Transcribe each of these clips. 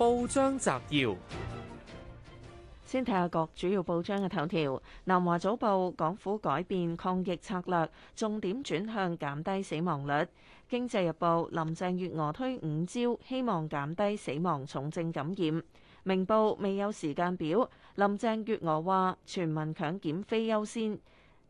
報章摘要，先睇下各主要報章嘅頭條。南華早報：港府改變抗疫策略，重點轉向減低死亡率。經濟日報：林鄭月娥推五招，希望減低死亡、重症感染。明報：未有時間表，林鄭月娥話全民強檢非優先。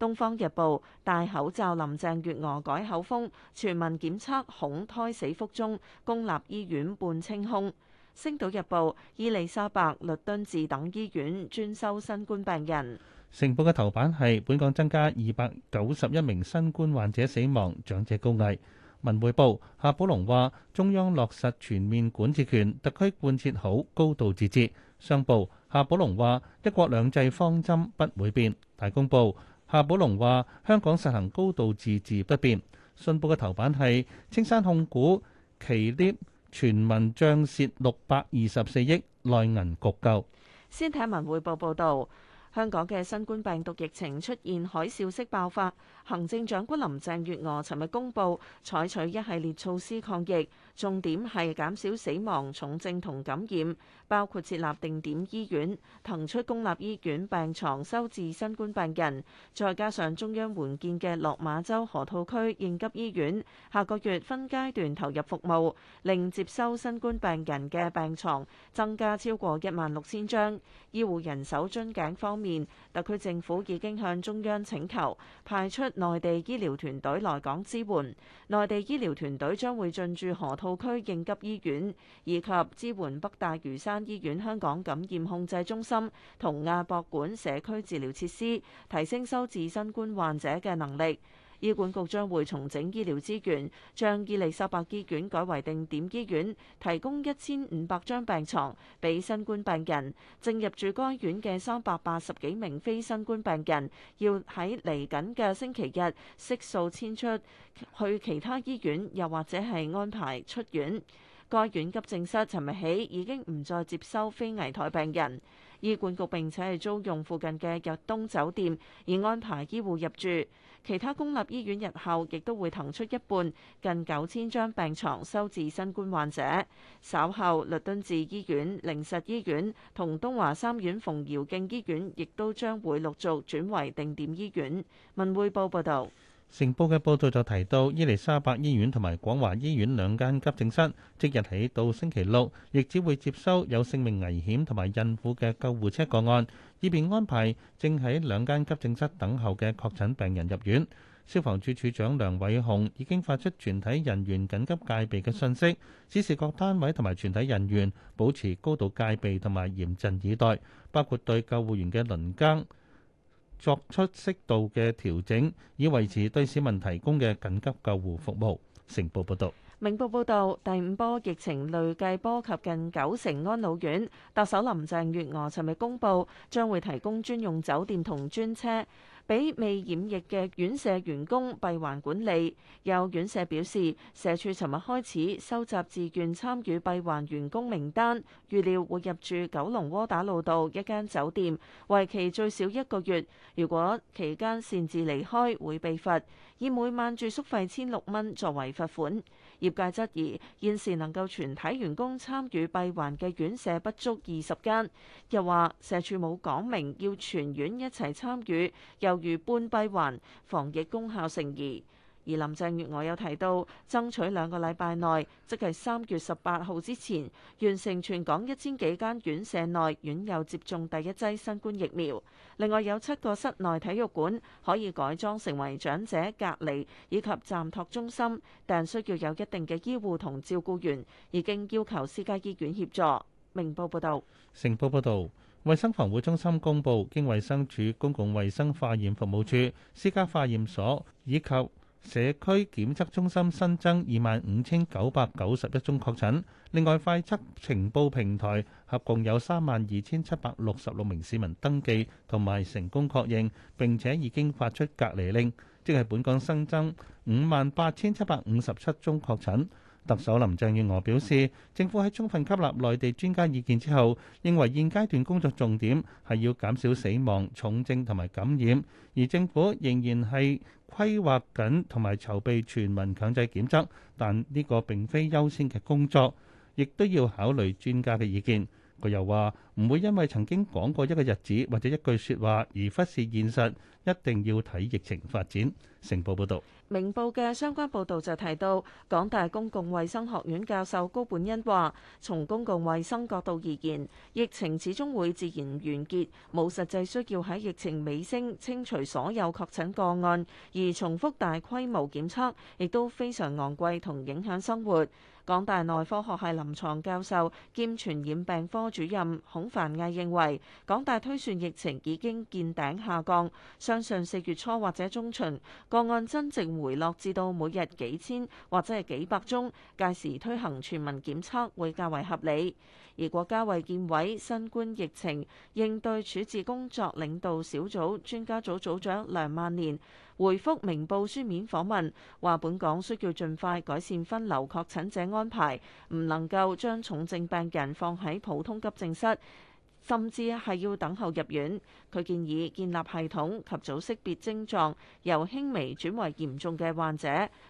東方日報：戴口罩，林鄭月娥改口風，全民檢測恐胎死腹中。公立醫院半清空。星島日報、伊利沙伯、律敦治等醫院專收新冠病人。成報嘅頭版係本港增加二百九十一名新冠患者死亡，長者高危。文匯報夏寶龍話中央落實全面管治權，特區貫徹好高度自治。商報夏寶龍話一國兩制方針不會變。大公報夏寶龍話香港實行高度自治不變。信報嘅頭版係青山控股、奇獵全民將涉六百二十四億內銀局救。先睇文匯報報道，香港嘅新冠病毒疫情出現海嘯式爆發。行政長官林鄭月娥尋日公布採取一系列措施抗疫，重點係減少死亡、重症同感染，包括設立定點醫院，騰出公立醫院病床收治新冠病人，再加上中央援建嘅落馬洲河套區應急醫院，下個月分階段投入服務，令接收新冠病人嘅病床增加超過一萬六千張。醫護人手樽頸方面，特區政府已經向中央請求派出。內地醫療團隊來港支援，內地醫療團隊將會進駐河套區應急醫院，以及支援北大嶼山醫院香港感染控制中心同亞博館社區治療設施，提升收治新冠患者嘅能力。醫管局將會重整醫療資源，將伊利沙伯醫院改為定點醫院，提供一千五百張病床俾新冠病人。正入住該院嘅三百八十幾名非新冠病人，要喺嚟緊嘅星期日悉數遷出去其他醫院，又或者係安排出院。該院急症室尋日起已經唔再接收非危殆病人。醫管局並且係租用附近嘅日東酒店，而安排醫護入住。其他公立醫院日後亦都會騰出一半近九千張病床收治新冠患者。稍後，律敦治醫院、靈實醫院同東華三院馮堯敬醫院亦都將會陸續轉為定點醫院。文匯報報道。成報嘅報道就提到，伊利沙伯醫院同埋廣華醫院兩間急症室即日起到星期六，亦只會接收有性命危險同埋孕婦嘅救護車個案，以便安排正喺兩間急症室等候嘅確診病人入院。消防處處長梁偉雄已經發出全體人員緊急戒備嘅訊息，指示各單位同埋全體人員保持高度戒備同埋嚴陣以待，包括對救護員嘅輪更作出適度嘅調整，以維持對市民提供嘅緊急救護服務。成報報道。明報報導，第五波疫情累計波及近九成安老院。特首林鄭月娥尋日公布，將會提供專用酒店同專車，俾未染疫嘅院舍員工閉環管理。有院舍表示，社署尋日開始收集自願參與閉環員工名單，預料會入住九龍窩打老道一間酒店，為期最少一個月。如果期間擅自離開，會被罰，以每晚住宿費千六蚊作為罰款。業界質疑現時能夠全體員工參與閉環嘅院舍不足二十間，又話社署冇講明要全院一齊參與，猶如半閉環，防疫功效成疑。而林鄭月娥有提到，爭取兩個禮拜內，即係三月十八號之前完成全港一千幾間院舍內院友接種第一劑新冠疫苗。另外有七個室內體育館可以改裝成為長者隔離以及暫托中心，但需要有一定嘅醫護同照顧員，已經要求私家醫院協助。明報報導，成報報導，衛生防護中心公布，經衛生署公共衞生化驗服務處私家化驗所以及。社區檢測中心新增二萬五千九百九十一宗確診，另外快測情報平台合共有三萬二千七百六十六名市民登記同埋成功確認，並且已經發出隔離令，即係本港新增五萬八千七百五十七宗確診。特首林鄭月娥表示，政府喺充分吸納內地專家意見之後，認為現階段工作重點係要減少死亡、重症同埋感染，而政府仍然係規劃緊同埋籌備全民強制檢測，但呢個並非優先嘅工作，亦都要考慮專家嘅意見。佢又話：唔會因為曾經講過一個日子或者一句説話而忽視現實，一定要睇疫情發展。成報報導，明報嘅相關報導就提到，港大公共衛生學院教授高本恩話：從公共衛生角度而言，疫情始終會自然完結，冇實際需要喺疫情尾聲清除所有確診個案，而重複大規模檢測亦都非常昂貴同影響生活。港大內科學系臨床教授兼傳染病科主任孔凡毅認為，港大推算疫情已經見頂下降，相信四月初或者中旬個案真正回落至到每日幾千或者係幾百宗，屆時推行全民檢測會較為合理。而國家衛健委新冠疫情應對處置工作領導小組專家組組長梁萬年，回覆明報書面訪問，話本港需要盡快改善分流確診者安排，唔能夠將重症病人放喺普通急症室，甚至係要等候入院。佢建議建立系統及早識別症狀，由輕微轉為嚴重嘅患者，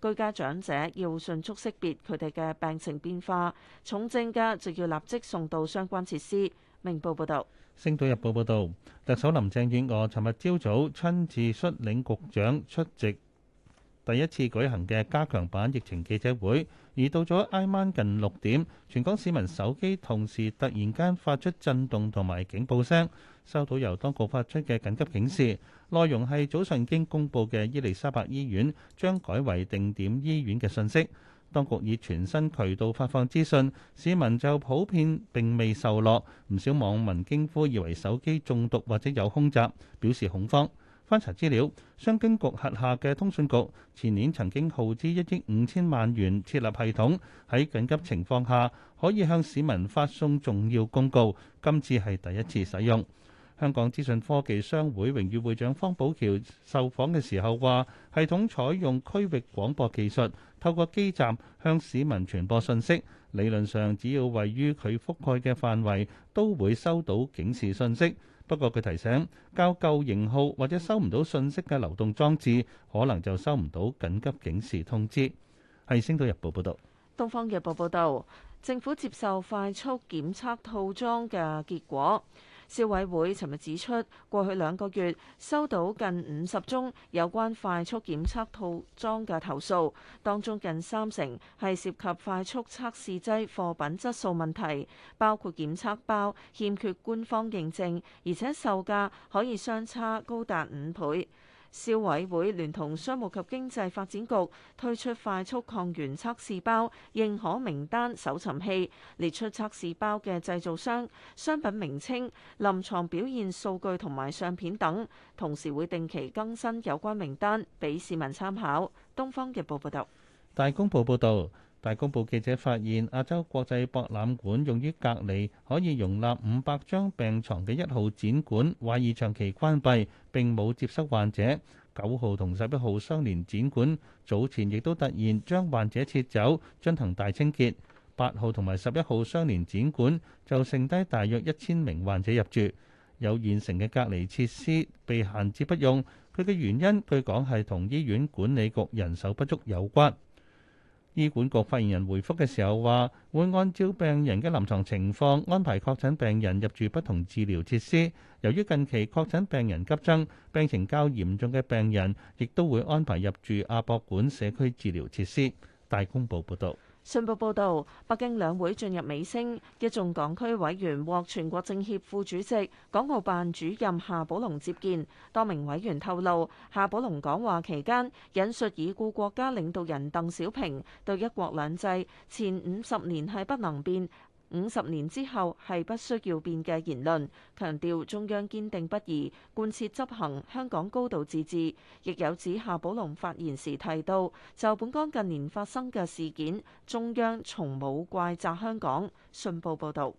居家長者要迅速識別佢哋嘅病情變化，重症家就要立即送到相關設施。明報報道。星島日報報導，特首林鄭月娥尋日朝早親自率領局長出席第一次舉行嘅加強版疫情記者會。而到咗挨晚近六點，全港市民手機同時突然間發出震動同埋警報聲，收到由當局發出嘅緊急警示，內容係早上已經公佈嘅伊利沙伯醫院將改為定點醫院嘅訊息。當局以全新渠道發放資訊，市民就普遍並未受落，唔少網民驚呼，以為手機中毒或者有空襲，表示恐慌。翻查資料，商經局轄下嘅通訊局前年曾經耗資一億五千萬元設立系統，喺緊急情況下可以向市民發送重要公告。今次係第一次使用。香港資訊科技商會榮譽會長方寶橋受訪嘅時候話，系統採用區域廣播技術。透過基站向市民傳播信息，理論上只要位於佢覆蓋嘅範圍，都會收到警示信息。不過佢提醒，較舊型號或者收唔到信息嘅流動裝置，可能就收唔到緊急警示通知。係星島日報報道。東方日報報道，政府接受快速檢測套裝嘅結果。消委會尋日指出，過去兩個月收到近五十宗有關快速檢測套裝嘅投訴，當中近三成係涉及快速測試劑貨品質素問題，包括檢測包欠缺官方認證，而且售價可以相差高達五倍。消委會聯同商務及經濟發展局推出快速抗原測試包認可名單搜尋器，列出測試包嘅製造商、商品名稱、臨床表現數據同埋相片等，同時會定期更新有關名單，俾市民參考。東方日報報道。大公報報道。大公報記者發現，亞洲國際博覽館用於隔離可以容納五百張病床嘅一號展館，懷疑長期關閉並冇接收患者。九號同十一號相連展館早前亦都突然將患者撤走，進行大清潔。八號同埋十一號相連展館就剩低大約一千名患者入住，有現成嘅隔離設施被閒置不用。佢嘅原因據講係同醫院管理局人手不足有關。醫管局發言人回覆嘅時候話，會按照病人嘅臨床情況安排確診病人入住不同治療設施。由於近期確診病人急增，病情較嚴重嘅病人亦都會安排入住亞博館社區治療設施。大公報報道。信報報導，北京兩會進入尾聲，一眾港區委員獲全國政協副主席、港澳辦主任夏寶龍接見。多名委員透露，夏寶龍講話期間引述已故國家領導人鄧小平對一國兩制前五十年係不能變，五十年之後係不需要變嘅言論，強調中央堅定不移，貫徹執行香港高度自治。亦有指夏寶龍發言時提到，就本港近年發生嘅事件，中央從冇怪責香港。信報報道。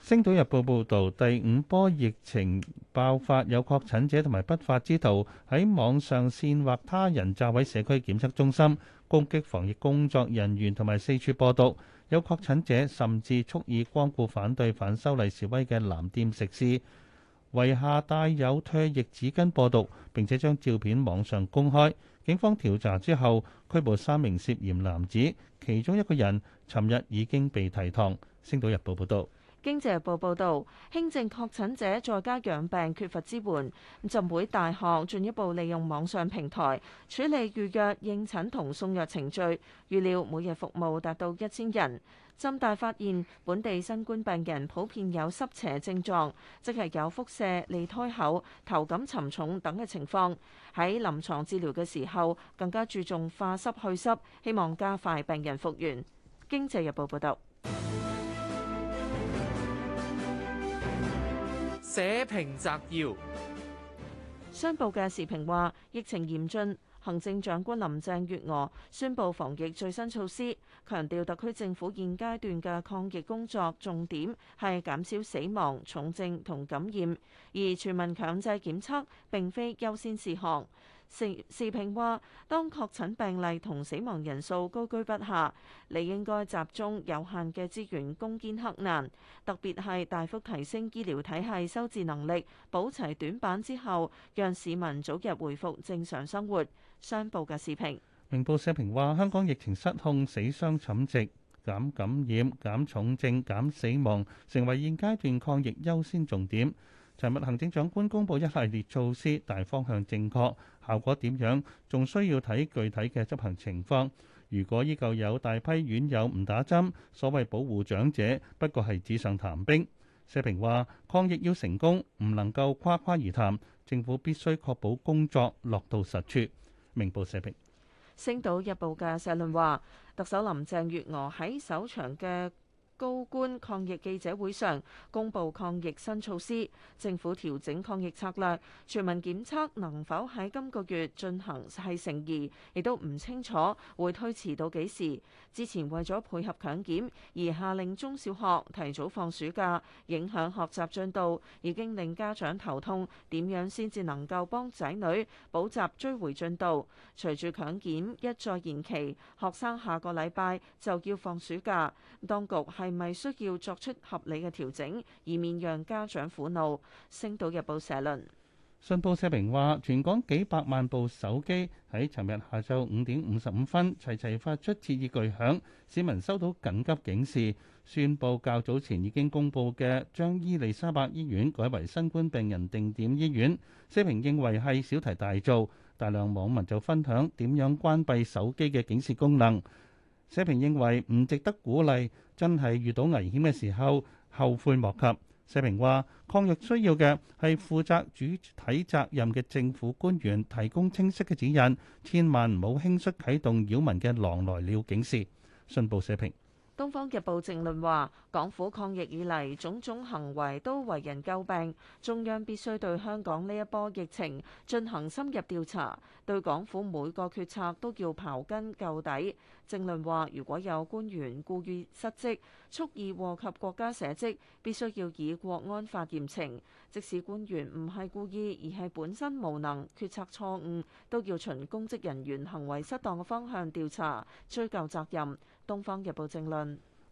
《星島日報》報導，第五波疫情爆發，有確診者同埋不法之徒喺網上線或他人炸毀社區檢測中心，攻擊防疫工作人員同埋四處播毒。有確診者甚至蓄意光顧反對反修例示威嘅藍店食肆，遺下帶有唾液紙巾播毒，並且將照片網上公開。警方調查之後拘捕三名涉嫌男子，其中一個人尋日已經被提堂。《星島日報》報導。經濟日報報導，輕症確診者在家養病缺乏支援，浸會大學進一步利用網上平台處理預約、應診同送藥程序，預料每日服務達到一千人。浸大發現本地新冠病人普遍有濕邪症狀，即係有腹瀉、利胎口、頭感沉重等嘅情況。喺臨床治療嘅時候，更加注重化濕去濕，希望加快病人復原。經濟日報報導。社評摘要，商報嘅時評話：疫情嚴峻，行政長官林鄭月娥宣布防疫最新措施，強調特區政府現階段嘅抗疫工作重點係減少死亡、重症同感染，而全民強制檢測並非優先事項。時時評話：當確診病例同死亡人數高居不下，你應該集中有限嘅資源攻堅克難，特別係大幅提升醫療體系收治能力，補齊短板之後，讓市民早日回復正常生活。商報嘅時評。明報社評話：香港疫情失控，死傷慘劇，減感染、減重症、減死亡，成為現階段抗疫優先重點。尋日行政長官公布一系列措施，大方向正確，效果點樣仲需要睇具體嘅執行情況。如果依舊有大批院友唔打針，所謂保護長者不過係紙上談兵。社評話抗疫要成功，唔能夠誇誇而談，政府必須確保工作落到實處。明報社評，星島日報嘅社論話，特首林鄭月娥喺首場嘅。高官抗疫記者會上公布抗疫新措施，政府調整抗疫策略，全民檢測能否喺今個月進行係成疑，亦都唔清楚會推遲到幾時。之前為咗配合強檢而下令中小學提早放暑假，影響學習進度，已經令家長頭痛。點樣先至能夠幫仔女補習追回進度？隨住強檢一再延期，學生下個禮拜就要放暑假，當局係。咪需要作出合理嘅調整，以免讓家長苦惱。星島日報社論，信報社評話：全港幾百萬部手機喺尋日下晝五點五十五分齊齊發出徹耳巨響，市民收到緊急警示，宣佈較早前已經公布嘅將伊麗莎白醫院改為新冠病人定點醫院。社評認為係小題大做，大量網民就分享點樣關閉手機嘅警示功能。社評認為唔值得鼓勵，真係遇到危險嘅時候後悔莫及。社評話，抗疫需要嘅係負責主體責任嘅政府官員提供清晰嘅指引，千萬唔好輕率啟動擾民嘅狼來了警示。信報社評。《東方日報》政論話，港府抗疫以嚟，種種行為都為人詬病，中央必須對香港呢一波疫情進行深入調查，對港府每個決策都要刨根究底。政論話，如果有官員故意失職，蓄意禍及國家社稷，必須要以國安法嚴懲；即使官員唔係故意，而係本身無能、決策錯誤，都要循公職人員行為失當嘅方向調查追究責任。《東方日報》政論。